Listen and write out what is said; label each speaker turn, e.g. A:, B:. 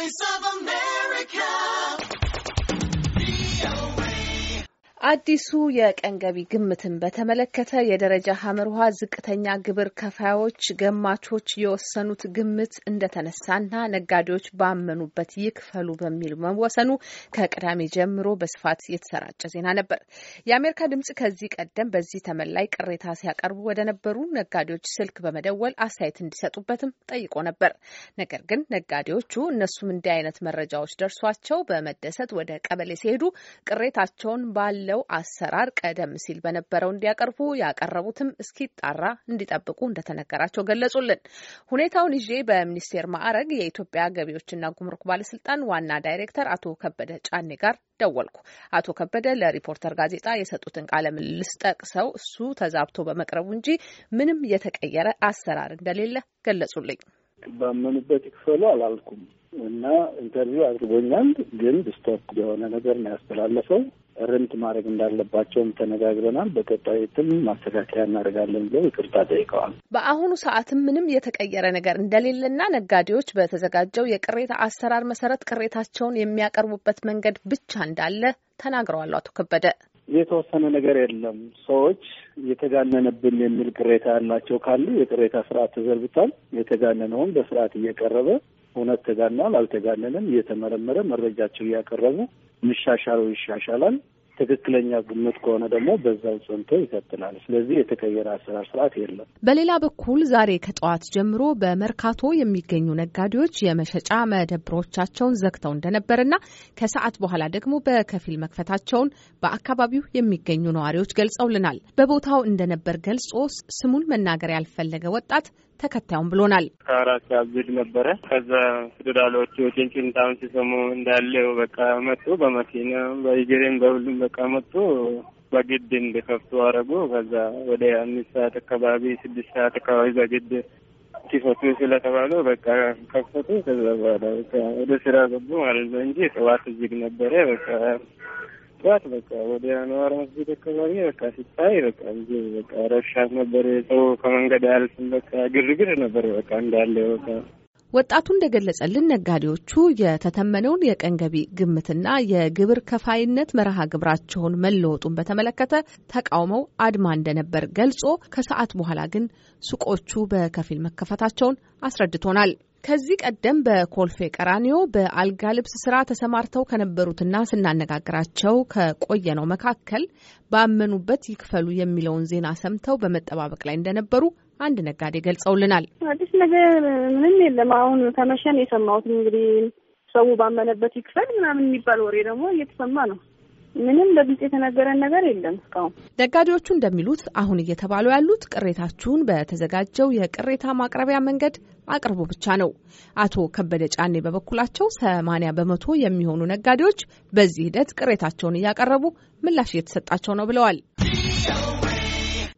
A: voice of አዲሱ የቀን ገቢ ግምትን በተመለከተ የደረጃ ሀመርሃ ዝቅተኛ ግብር ከፋዮች ገማቾች የወሰኑት ግምት እንደተነሳና ነጋዴዎች ባመኑበት ይክፈሉ በሚል መወሰኑ ከቅዳሜ ጀምሮ በስፋት የተሰራጨ ዜና ነበር። የአሜሪካ ድምጽ ከዚህ ቀደም በዚህ ተመን ላይ ቅሬታ ሲያቀርቡ ወደ ነበሩ ነጋዴዎች ስልክ በመደወል አስተያየት እንዲሰጡበትም ጠይቆ ነበር። ነገር ግን ነጋዴዎቹ እነሱም እንዲህ አይነት መረጃዎች ደርሷቸው በመደሰት ወደ ቀበሌ ሲሄዱ ቅሬታቸውን ባለ ያለው አሰራር ቀደም ሲል በነበረው እንዲያቀርቡ ያቀረቡትም እስኪጣራ እንዲጠብቁ እንደተነገራቸው ገለጹልን። ሁኔታውን ይዤ በሚኒስቴር ማዕረግ የኢትዮጵያ ገቢዎችና ጉምሩክ ባለስልጣን ዋና ዳይሬክተር አቶ ከበደ ጫኔ ጋር ደወልኩ። አቶ ከበደ ለሪፖርተር ጋዜጣ የሰጡትን ቃለ ምልልስ ጠቅሰው እሱ ተዛብቶ በመቅረቡ እንጂ ምንም የተቀየረ አሰራር እንደሌለ ገለጹልኝ።
B: ባመኑበት ይክፈሉ አላልኩም እና ኢንተርቪው አድርጎኛል፣ ግን ዲስቶፕ የሆነ ነገር ነው ያስተላለፈው። ርምት ማድረግ እንዳለባቸውም ተነጋግረናል። በቀጣይትም ማስተካከያ እናደርጋለን ብለው ይቅርታ
A: ጠይቀዋል። በአሁኑ ሰዓትም ምንም የተቀየረ ነገር እንደሌለና ነጋዴዎች በተዘጋጀው የቅሬታ አሰራር መሰረት ቅሬታቸውን የሚያቀርቡበት መንገድ ብቻ እንዳለ ተናግረዋል አቶ ከበደ።
B: የተወሰነ ነገር የለም። ሰዎች እየተጋነነብን የሚል ቅሬታ ያላቸው ካሉ የቅሬታ ስርዓት ተዘርግቷል። የተጋነነውን በስርዓት እየቀረበ እውነት ተጋናል አልተጋነንም እየተመረመረ መረጃቸው እያቀረቡ የሚሻሻለው ይሻሻላል፣ ትክክለኛ ግምት ከሆነ ደግሞ በዛው ጽንቶ ይቀጥላል። ስለዚህ የተቀየረ አሰራር ስርዓት የለም።
A: በሌላ በኩል ዛሬ ከጠዋት ጀምሮ በመርካቶ የሚገኙ ነጋዴዎች የመሸጫ መደብሮቻቸውን ዘግተው እንደነበርና ከሰዓት በኋላ ደግሞ በከፊል መክፈታቸውን በአካባቢው የሚገኙ ነዋሪዎች ገልጸውልናል። በቦታው እንደነበር ገልጾ ስሙን መናገር ያልፈለገ ወጣት ተከታዩም ብሎናል።
C: ከአራት ሲያብድ ነበረ። ከዛ ፌዴራሎቹ ጭንጭን ሲሰሙ እንዳለው በቃ መጡ። በመኪና በእግሬም በሁሉም በቃ መጡ። በግድ እንዲከፍቱ አረጉ። ከዛ ወደ አምስት ሰዓት አካባቢ ስድስት ሰዓት አካባቢ በግድ ሲፈቱ ስለተባሉ በቃ ከፈቱ። ከዛ በኋላ ወደ ስራ ገቡ ማለት ነው እንጂ ጠዋት ዝግ ነበረ በቃ ጠዋት በቃ ወደ ነዋር መስጊድ አካባቢ በቃ ሲታይ በቃ ብዙ በቃ ረብሻት ነበር። ሰው ከመንገድ አያልፍም። በቃ ግርግር ነበር በቃ እንዳለ በቃ
A: ወጣቱ እንደገለጸልን ነጋዴዎቹ የተተመነውን የቀን ገቢ ግምትና የግብር ከፋይነት መርሃ ግብራቸውን መለወጡን በተመለከተ ተቃውመው አድማ እንደነበር ገልጾ ከሰዓት በኋላ ግን ሱቆቹ በከፊል መከፈታቸውን አስረድቶናል። ከዚህ ቀደም በኮልፌ ቀራኒዮ በአልጋ ልብስ ስራ ተሰማርተው ከነበሩትና ስናነጋግራቸው ከቆየነው መካከል ባመኑበት ይክፈሉ የሚለውን ዜና ሰምተው በመጠባበቅ ላይ እንደነበሩ አንድ ነጋዴ ገልጸውልናል።
B: አዲስ ነገር ምንም የለም። አሁን ከመሸን የሰማሁት እንግዲህ
A: ሰው ባመነበት ይክፈል ምናምን የሚባል ወሬ ደግሞ እየተሰማ ነው። ምንም በግልጽ የተነገረን ነገር የለም እስካሁን። ነጋዴዎቹ እንደሚሉት አሁን እየተባሉ ያሉት ቅሬታችሁን በተዘጋጀው የቅሬታ ማቅረቢያ መንገድ አቅርቡ ብቻ ነው። አቶ ከበደ ጫኔ በበኩላቸው ሰማኒያ በመቶ የሚሆኑ ነጋዴዎች በዚህ ሂደት ቅሬታቸውን እያቀረቡ ምላሽ እየተሰጣቸው ነው ብለዋል።